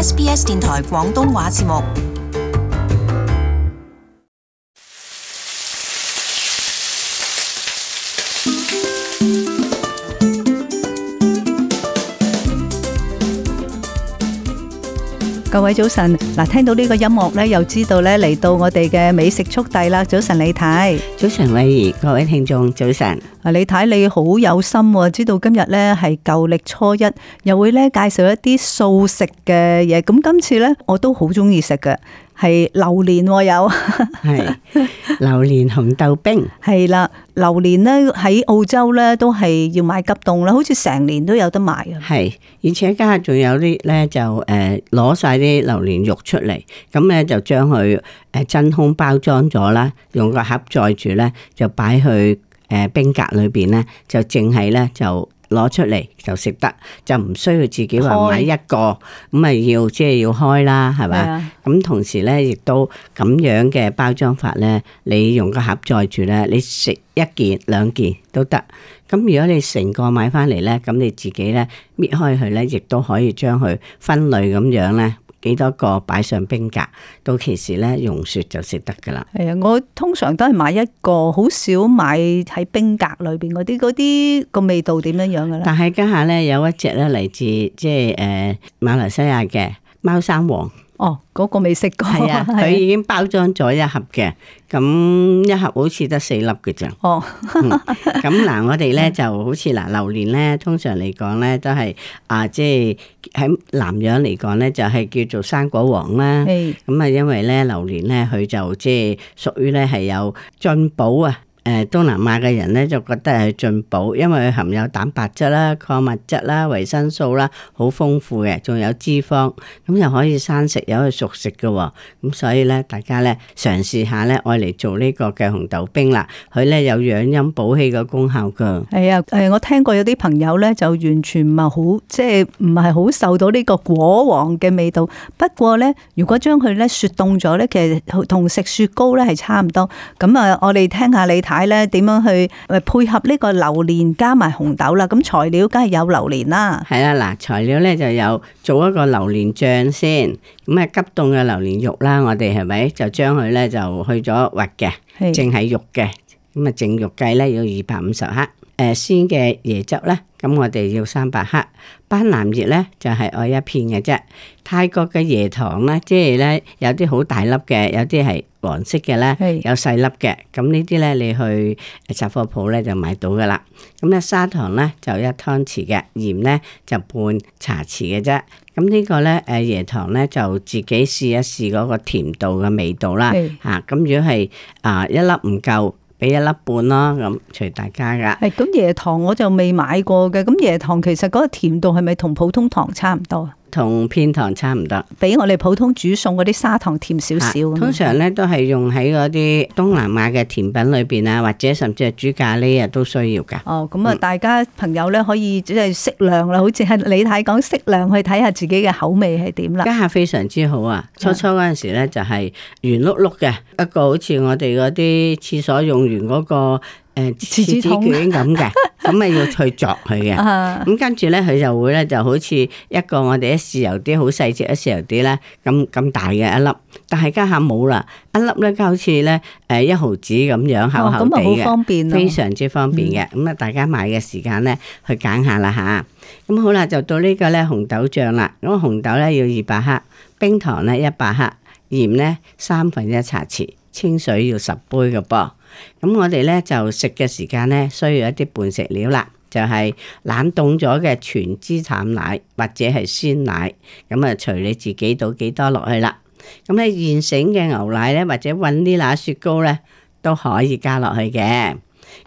SBS 電台廣東話節目。各位早晨，嗱聽到呢個音樂咧，又知道咧，嚟到我哋嘅美食速遞啦。早晨李太，早晨偉兒，各位聽眾早晨。啊，李太你好有心，知道今日咧係舊曆初一，又會咧介紹一啲素食嘅嘢。咁今次咧，我都好中意食嘅。係榴蓮有，係榴蓮紅豆冰，係啦，榴蓮咧喺澳洲咧都係要買急凍啦，好似成年都有得賣啊！係，而且家下仲有啲咧就誒攞晒啲榴蓮肉出嚟，咁咧就將佢誒真空包裝咗啦，用個盒載住咧就擺去誒冰格裏邊咧，就淨係咧就。攞出嚟就食得，就唔需要自己話買一個咁啊，開要即係、就是、要開啦，係咪？咁的同時咧，亦都咁樣嘅包裝法咧，你用個盒載住咧，你食一件兩件都得。咁如果你成個買翻嚟咧，咁你自己咧搣開佢咧，亦都可以將佢分類咁樣咧。幾多個擺上冰格，到其時咧，溶雪就食得噶啦。係啊，我通常都係買一個，好少買喺冰格裏邊嗰啲，嗰啲個味道點樣樣噶啦。但係家下咧有一隻咧嚟自，即係誒馬來西亞嘅貓山王。哦，嗰、那個未食過，佢、啊、已經包裝咗一盒嘅，咁一盒好似得四粒嘅咋。哦，咁嗱，我哋咧就好似嗱，榴蓮咧通常嚟講咧都係啊，即係喺南洋嚟講咧就係、是、叫做生果王啦。咁啊是、嗯，因為咧榴蓮咧佢就即係屬於咧係有進補啊。誒，東南亞嘅人咧就覺得係進補，因為佢含有蛋白質啦、礦物質啦、維生素啦，好豐富嘅，仲有脂肪，咁又可以生食，又可以熟食嘅喎。咁所以咧，大家咧嘗試下咧，愛嚟做呢個嘅紅豆冰啦，佢咧有養陰補氣嘅功效噶。係啊，誒，我聽過有啲朋友咧就完全唔係好，即係唔係好受到呢個果王嘅味道。不過咧，如果將佢咧雪凍咗咧，其實同食雪糕咧係差唔多。咁啊，我哋聽下你睇。係咧，點樣去配合呢個榴蓮加埋紅豆啦？咁材料梗係有榴蓮啦。係啦，嗱，材料咧就有做一個榴蓮醬先。咁啊，急凍嘅榴蓮肉啦，我哋係咪就將佢咧就去咗核嘅，淨係是肉嘅。咁啊，淨肉計咧要二百五十克。誒，鮮嘅椰汁咧，咁我哋要三百克，班蘭葉咧就係、是、愛一片嘅啫。泰國嘅椰糖咧，即係咧有啲好大粒嘅，有啲係黃色嘅咧，是有細粒嘅。咁呢啲咧你去雜貨鋪咧就買到噶啦。咁咧砂糖咧就一湯匙嘅，鹽咧就半茶匙嘅啫。咁呢個咧誒椰糖咧就自己試一試嗰個甜度嘅味道啦。吓是，咁、啊、如果係啊、呃、一粒唔夠。俾一粒半啦，咁隨大家㗎。咁、哎、椰糖我就未買過嘅，咁椰糖其實嗰個甜度係咪同普通糖差唔多？同片糖差唔多，比我哋普通煮餸嗰啲砂糖甜少少。通常咧都係用喺嗰啲東南亞嘅甜品裏邊啊，或者甚至係煮咖喱啊都需要㗎。哦，咁啊，大家、嗯、朋友咧可以即係適量啦，好似係你睇講適量去睇下自己嘅口味係點啦。家下非常之好啊！初初嗰陣時咧就係圓碌碌嘅一個，好似我哋嗰啲廁所用完嗰、嗰個誒廁紙卷咁嘅。呃刺刺刀 咁啊， 要去鑿佢嘅，咁、啊、跟住咧，佢就會咧，就好似一個我哋一豉油啲好細隻一豉油啲咧，咁咁大嘅一粒，但係家下冇啦，一粒咧，家好似咧，誒一毫子咁樣，哦、厚厚地嘅，方便非常之方便嘅。咁、嗯、啊，嗯、大家買嘅時間咧，去揀下啦吓，咁、嗯、好啦，就到個呢個咧紅豆醬啦。咁紅豆咧要二百克，冰糖咧一百克，鹽咧三分一茶匙，清水要十杯嘅噃。咁我哋咧就食嘅時間咧需要一啲半食料啦，就係冷凍咗嘅全脂淡奶或者係鮮奶，咁啊隨你自己倒幾多落去啦。咁咧現成嘅牛奶咧或者雲呢拿雪糕咧都可以加落去嘅。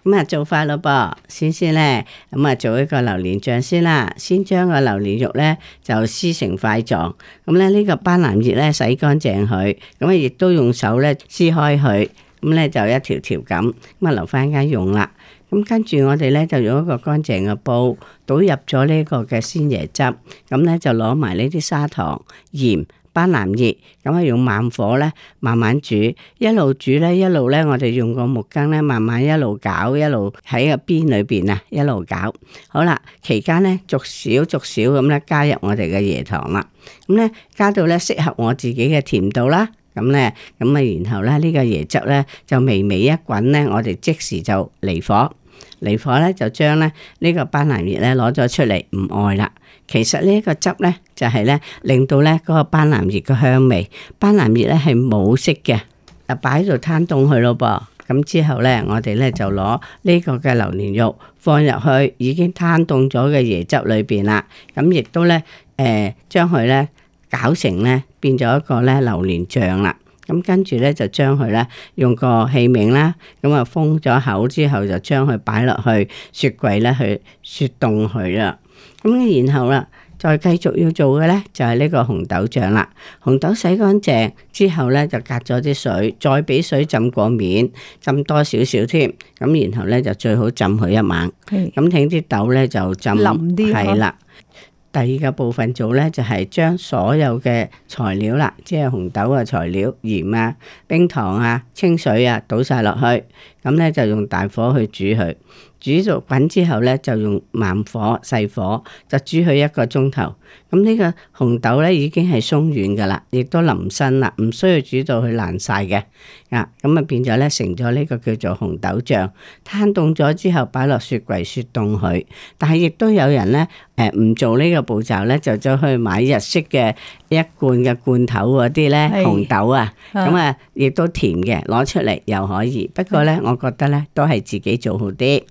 咁啊做法咯噃，先先咧咁啊做一個榴蓮醬先啦。先將個榴蓮肉咧就撕成塊狀。咁咧呢個班蘭葉咧洗乾淨佢，咁啊亦都用手咧撕開佢。咁咧就一條條咁，咁啊留翻一間用啦。咁跟住我哋咧就用一個乾淨嘅煲倒入咗呢個嘅鮮椰汁，咁咧就攞埋呢啲砂糖、鹽、班蘭葉，咁啊用慢火咧慢慢煮，一路煮咧一路咧我哋用個木羹咧慢慢一路攪，一路喺個邊裏邊啊一路攪。好啦，期間咧逐少逐少咁咧加入我哋嘅椰糖啦，咁咧加到咧適合我自己嘅甜度啦。咁咧，咁啊，然後咧，呢個椰汁咧就微微一滾咧，我哋即時就離火，離火咧就將咧呢個斑蘭葉咧攞咗出嚟唔愛啦。其實呢一個汁咧就係咧令到咧嗰個斑蘭葉嘅香味。斑蘭葉咧係冇色嘅，啊擺喺度攤凍佢咯噃。咁之後咧，我哋咧就攞呢個嘅榴蓮肉放入去已經攤凍咗嘅椰汁裏邊啦。咁亦都咧誒將佢咧。搞成咧，變咗一個咧榴槤醬啦。咁跟住咧，就將佢咧用個器皿啦，咁啊封咗口之後，就將佢擺落去雪櫃咧去雪凍佢啦。咁然後啦，再繼續要做嘅咧就係、是、呢個紅豆醬啦。紅豆洗乾淨之後咧，就隔咗啲水，再俾水浸過面，浸多少少添。咁然後咧就最好浸佢一晚。咁等啲豆咧就浸冧啲，係啦。第二個部分做呢，就係將所有嘅材料啦，即係紅豆嘅材料、鹽啊、冰糖啊、清水啊，倒晒落去，咁呢，就用大火去煮佢。煮到滾之後咧，就用慢火細火就煮佢一個鐘頭。咁呢個紅豆咧已經係鬆軟嘅啦，亦都腍身啦，唔需要煮到佢爛晒嘅。啊，咁啊變咗咧，成咗呢個叫做紅豆醬。攤凍咗之後，擺落雪櫃雪凍佢。但係亦都有人咧，誒唔做呢個步驟咧，就走去買日式嘅一罐嘅罐頭嗰啲咧紅豆啊，咁啊亦都甜嘅，攞出嚟又可以。不過咧，是我覺得咧都係自己做好啲。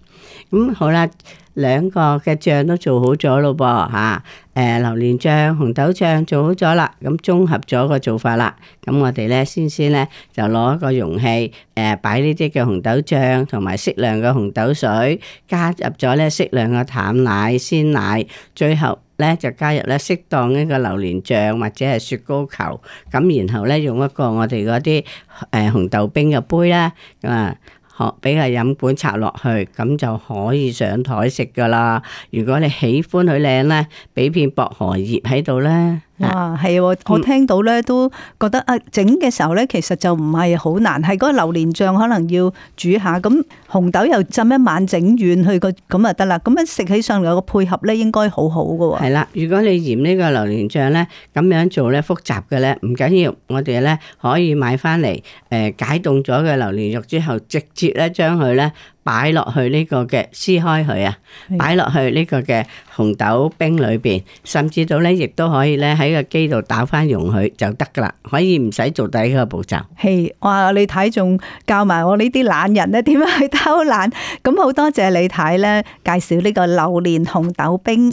咁好啦，兩個嘅醬都做好咗咯噃嚇，誒榴蓮醬、紅豆醬做好咗啦。咁綜合咗個做法啦，咁我哋咧先先咧就攞一個容器，誒擺呢啲嘅紅豆醬同埋適量嘅紅豆水，加入咗咧適量嘅淡奶、鮮奶，最後咧就加入咧適當一個榴蓮醬或者係雪糕球，咁然後咧用一個我哋嗰啲誒紅豆冰嘅杯啦，咁啊～好，俾個飲管插落去，咁就可以上台食噶啦。如果你喜歡佢靚咧，俾片薄荷葉喺度咧。啊，係我聽到咧，都覺得啊，整嘅時候咧，其實就唔係好難，係嗰個榴蓮醬可能要煮下，咁紅豆又浸一晚整軟去，佢個咁啊得啦，咁樣食起上嚟個配合咧應該好好㗎喎。係啦，如果你嫌呢個榴蓮醬咧咁樣做咧複雜嘅咧，唔緊要，我哋咧可以買返嚟，誒解凍咗嘅榴蓮肉之後，直接咧將佢咧。擺落去呢個嘅撕開佢啊，擺落去呢個嘅紅豆冰裏邊，甚至到咧亦都可以咧喺個機度打翻溶佢就得噶啦，可以唔使做第一個步驟。係，hey, 哇！你睇，仲教埋我呢啲懶人咧，點樣去偷懶？咁好多謝你睇咧，介紹呢個榴蓮紅豆冰。